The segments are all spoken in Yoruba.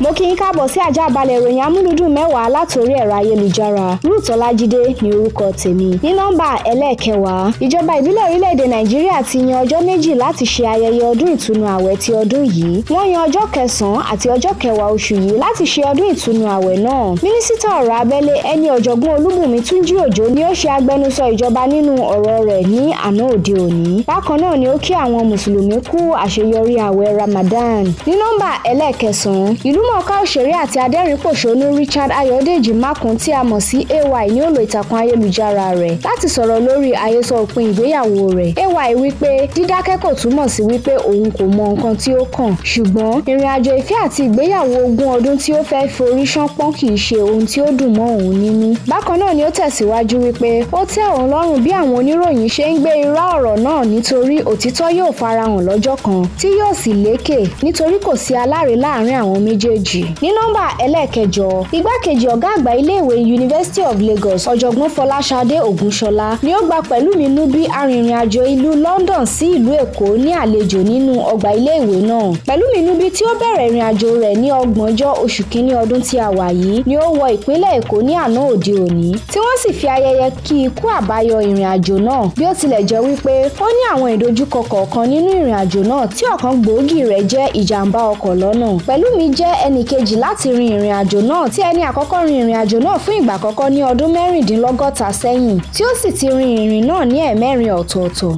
mo kí yín káàbọ̀ sí àjàbalẹ̀ ìròyìn amúlùdùn mẹ́wàá látòrí ẹ̀rọ ayélujára ruth ọlájídé ni orúkọ tèmi ní nọ́mbà ẹlẹ́ẹ̀kẹwàá ìjọba ìbílẹ̀ orílẹ̀-èdè nàìjíríà ti yan ọjọ́ méjì láti ṣe ayẹyẹ ọdún ìtúnu àwẹ̀ ti ọdún yìí wọ́n yan ọjọ́ kẹsàn-án àti ọjọ́ kẹwàá oṣù yìí láti ṣe ọdún ìtúnu àwẹ̀ náà mínísítà ọ̀rọ̀ abẹ́lé ẹni ọ̀jọ̀gbọ́n olúbùnmi túnjí òjó ni ó ṣe agbẹnusọ ìjọba nínú ọ̀rọ̀ rẹ̀ ní àná òde òní bákan náà ni ó kí àwọn mùsùlùmí kú àṣeyọrí àwẹ̀ ramadan ní nọ́mbà ẹlẹ́ẹ̀kẹsàn-án ìlú Gbajúmọ̀ká òṣèré àti adẹ́rìnpòṣónú Richard Ayọ̀dèjì Makùn tí a mọ̀ sí AY ní ó lo ìtàkùn ayélujára rẹ̀ láti sọ̀rọ̀ lórí àhesọ òpin ìgbéyàwó rẹ̀. AY wípé dídákẹ́ kò túmọ̀ sí wípé òun kò mọ nǹkan tí ó kàn ṣùgbọ́n ìrìn àjò ìfẹ́ àti ìgbéyàwó ogún ọdún tí ó fẹ́ forí ṣánpọ́n kì í ṣe ohun tí ó dùn mọ́ òun nínú. Bákan náà ni ó tẹ̀síwájú wípé ó ẹlẹ́ẹ̀kejì ní nọ́mbà ẹlẹ́ẹ̀kẹjọ igbákejì ọ̀gá àgbà iléèwé University of Lagos ọ̀jọ̀gbọ́n Fọláṣadé Ògúnṣọlá ni ó gba Pẹ̀lúmi Núbí arìnrìn-àjò ìlú London sí ìlú Èkó ní àlejò nínú ọgbà iléèwé náà Pẹ̀lúmi Núbí tí ó bẹ̀rẹ̀ ìrìnàjò rẹ̀ ní ọgbọ̀njọ́ oṣù kínní ọdún tí a wà yìí ni ó wọ ìpínlẹ̀ Èkó ní àná òde òní tí wọ́n sì fi ayẹyẹ kí ikú àbáyọ ìrìnàjò náà bí ó tilẹ̀ jẹ́ wípé ó ní àwọn ìdojúkọ kọ̀ọ̀kan nínú ìrìnàjò náà tí ọ̀kan gbòógì rẹ̀ jẹ́ jẹ́ ẹnì kejì láti rin ìrìn àjò náà tí ẹni àkọ́kọ́ rin ìrìn àjò náà fún ìgbà àkọ́kọ́ ní ọdún mẹ́rìndínlọ́gọ́ta sẹ́yìn tí ó sì ti rin ìrìn náà ní ẹ̀mẹ́rin ọ̀tọ̀ọ̀tọ̀.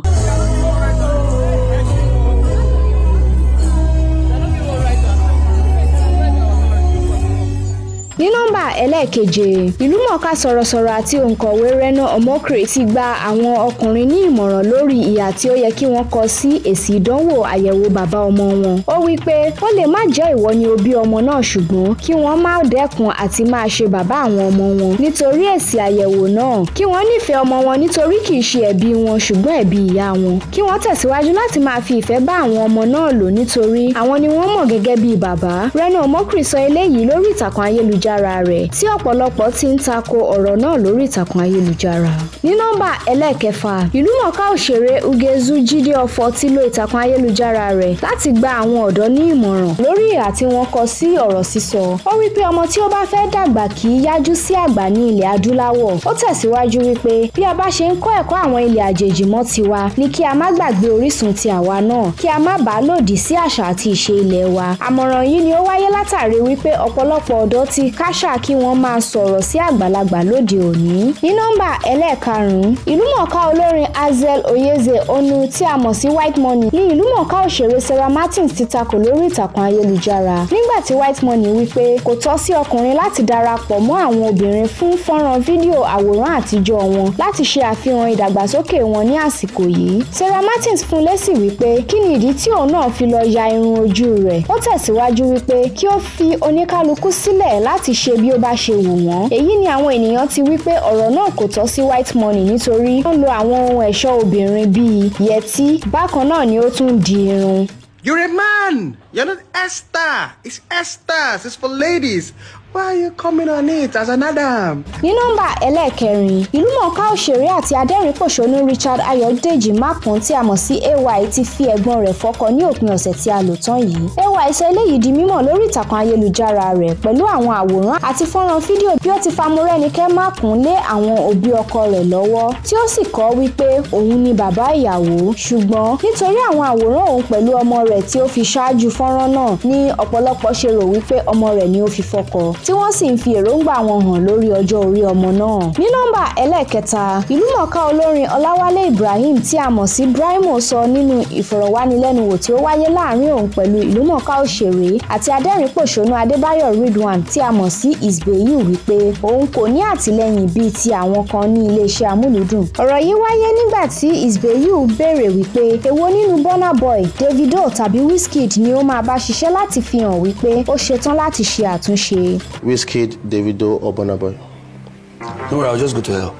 ní nọ́mbà ẹlẹ́ẹ̀keje ìlúmọ̀ọ́ká sọ̀rọ̀sọ̀rọ̀ àti òǹkọ̀wé Reno Omokri ti gba àwọn ọkùnrin ní ìmọ̀ràn lórí ìhà tí ó yẹ kí wọ́n kọ sí èsì ìdánwò àyẹ̀wò bàbá ọmọ wọn ó wí pé ó lè má jẹ́ ìwọ ni òbí ọmọ náà ṣùgbọ́n kí wọ́n má dẹ́kun àti máa ṣe bàbá àwọn ọmọ wọn nítorí èsì àyẹ̀wò náà kí wọ́n nífẹ̀ẹ́ ọmọ wọn nítorí kì í ṣe ẹ̀bí wọn ṣùgbọ́n ẹ̀bí ìyá wọn kí wọ́n tẹ̀síwájú láti máa fi ìfẹ́ bá àwọn ọmọ náà lò nítorí àwọn ni wọ́n mọ̀ gẹ́gẹ́ bíi bàbá Reno Omokri sọ eléyìí lórí ìtàkùn ayélujára ayélujára rẹ̀ tí ọ̀pọ̀lọpọ̀ ti ń tako ọ̀rọ̀ náà lórí ìtàkùn ayélujára. ní nọ́mbà ẹlẹ́ẹ̀kẹfà ìlúmọ̀ọ́ká òṣèré Ugezu Jide Ọfọ ti lo ìtàkùn ayélujára rẹ̀ láti gba àwọn ọ̀dọ́ ní ìmọ̀ràn lórí ìhà tí wọ́n kọ sí ọ̀rọ̀ sísọ. ó wí pé ọmọ tí ó bá fẹ́ dàgbà kì í yájú sí àgbà ní ilẹ̀ adúláwọ̀. ó tẹ̀síwájú wípé bí a bá ṣe ń kọ́ ẹ̀kọ́ àwọn ilẹ̀ àjèjì mọ́ tiwa ni kí a má gbàgbé orísun ti àwa náà kí a má bàá lòdì sí àṣà àti ìṣe ilẹ̀ wa. àmọ̀ràn yìí ni ó wáyé látàrí wípé ọ̀pọ̀lọpọ̀ ọ̀dọ́ ti káṣà kí wọ́n máa sọ̀rọ̀ sí àgbàlagbà lóde òní. ní nọ́mbà ẹlẹ́ẹ̀karùn-ún ìlúmọ̀ọ́ká olórin Hazel Oyeze Onu tí a mọ̀ sí White Money ni ìlúmọ̀ọ́ká òṣèré Sarah Martins ti takò lórí ìtàkùn ayélujára nígbà tí White Money wí pé kò tọ́ sí ọkùnrin láti darapọ̀ mọ́ àwọn obìnrin fún fọ́nrán fídíò àwòrán àtijọ́ wọn láti ṣe àfihàn ìdàgbàsókè wọn ní àsìkò yìí Sarah Martins fún lésì wípé kí ni ìdí tí òun náà fi lọ ya irun ojú rẹ̀ ó tẹ̀síwájú wípé kí ó fi oníkálukú sílẹ̀ láti láti ṣe bí ó bá ṣe wù wọ́n èyí ni àwọn ènìyàn ti wí pé ọ̀rọ̀ náà kò tọ́ sí white money nítorí wọ́n lo àwọn ohun ẹ̀ṣọ́ obìnrin bíi yẹtí bákan náà ni ó tún di irun. You're a man. You're not Esther. It's Esther. It's for ladies. Why are you coming on it as an Adam? ní nọ́mbà ẹlẹ́ẹ̀kẹrin ìlúmọ̀ọ́ká òṣèré àti adẹ́rìnpòṣónú Richard Ayọ̀dèjì Mákùn tí a mọ̀ sí AY ti fi ẹ̀gbọ́n rẹ̀ fọkọ ní òpin ọ̀sẹ̀ tí a lò tán yìí AY sọ eléyìí di mímọ̀ lórí ìtàkùn ayélujára rẹ̀ pẹ̀lú àwọn àwòrán àti fọ́nrán fídíò bí ó ti famúrẹ́nikẹ́ Mákùn lé àwọn òbí ọkọ rẹ̀ lọ́wọ́ tí ó sì kọ́ wípé òun ni bàbá ìyàwó ṣùgbọ́n nítorí àwọn àwòrán òun pẹ̀lú ọmọ rẹ̀ tí ó fi ṣáájú fọ́nrán náà ni ọ̀pọ̀lọpọ̀ ṣe rò wípé ọmọ rẹ̀ ni ó fi fọkọ tí wọ́n sì ń fi èròǹgbà wọn hàn lórí ọjọ́ orí ọmọ náà. ní nọ́mbà ẹlẹ́ẹ̀kẹta ìlúmọ̀ọ́ká olórin ọláwálé ibrahim tí a mọ̀ sí brimo sọ nínú ìfọ̀rọ̀wánilẹ́nuwò tí ó wáyé láàrin òun pẹ̀lú ìlúmọ̀ọ́ká òṣèré àti adẹ́rìnpòṣónú adébáyọ̀ ridwan tí a mọ̀ sí isbeyu wípé òun kò ní àtìlẹ́yìn bíi ti àwọn kan ní iléeṣẹ́ amúlùdùn. ọ̀rọ̀ yìí wáyé nígbà tí isbeyu béèrè wípé èwo nínú burna boy davido tàbí wizkid ni ó máa bá ṣiṣẹ́ láti fi wípé ó ṣetán láti ṣe àtúnṣe. Whiskey, Davido, or Bonaboy? No I'll just go to hell.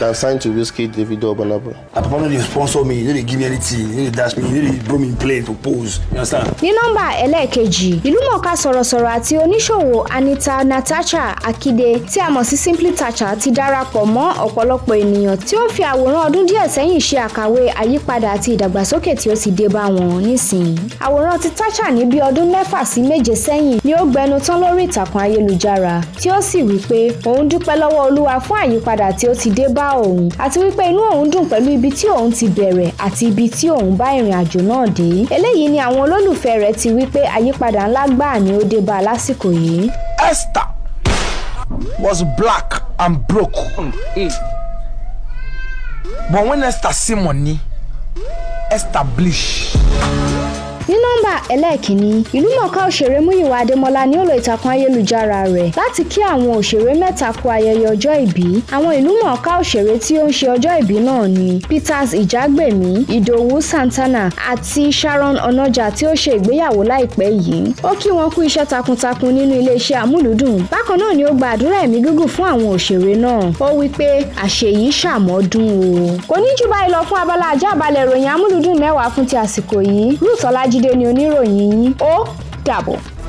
than signed to Wizkid, Davido, or My papa no dey sponsor me, no dey give me anything, no dey dash me, no dey bring me play to pose, you understand? Ní nọ́mbà ẹlẹ́ẹ̀kejì, ìlúmọ̀ọ́ká sọ̀rọ̀sọ̀rọ̀ àti oníṣòwò Anita Natasha Akide tí a mọ̀ sí Simply Tacha ti darapọ̀ mọ́ ọ̀pọ̀lọpọ̀ ènìyàn tí ó fi àwòrán ọdún díẹ̀ sẹ́yìn ṣe àkàwé àyípadà àti ìdàgbàsókè tí ó ti dé bá wọn nísìnyí. Àwòrán ti Tacha ní bí ọdún mẹ́fà sí méje sẹ́yìn ni ó gbẹnu tán lórí ìtàkùn ayélujára tí ó sì wí pé òun dúpẹ́ lọ́wọ́ Olúwa fún àyípadà tí ó ti dé bá òun àti wípé inú òun dùn pẹ̀lú ibi tí òun ti bẹ̀rẹ̀ àti ibi tí òun bá ìrìn àjò náà dé eléyìí ni àwọn olólùfẹ́ rẹ̀ ti wípé àyípadà ńlá gbáà ni ó dé lásìkò yìí. Esther was black and broke but when Esther see money Esther bleach ní nọ́mbà ẹlẹ́ẹ̀kínní ìlúmọ̀ọ́ká òṣèré múyìwá adémọlá ni ó lo ìtàkùn ayélujára rẹ̀ láti kí àwọn òṣèré mẹ́ta kú ayẹyẹ ọjọ́ ìbí àwọn ìlúmọ̀ọ́ká òṣèré tí ó ń ṣe ọjọ́ ìbí náà ni peters ìjágbèmí ìdòwú santana àti sharon onaja tí ó ṣe ìgbéyàwó láìpẹ́ yìí ó kí wọn kú iṣẹ́ takuntakun nínú iléeṣẹ́ àmúlùdùn bákan náà ni ó gba àdúrà ẹ̀mí gígùn fún àwọn òṣèré náà ó wí pé àṣeyí ṣàmọ́dún o kò ní jù báyìí lọ fún abala Babájídé ni oníròyìn yín ó dàbọ̀.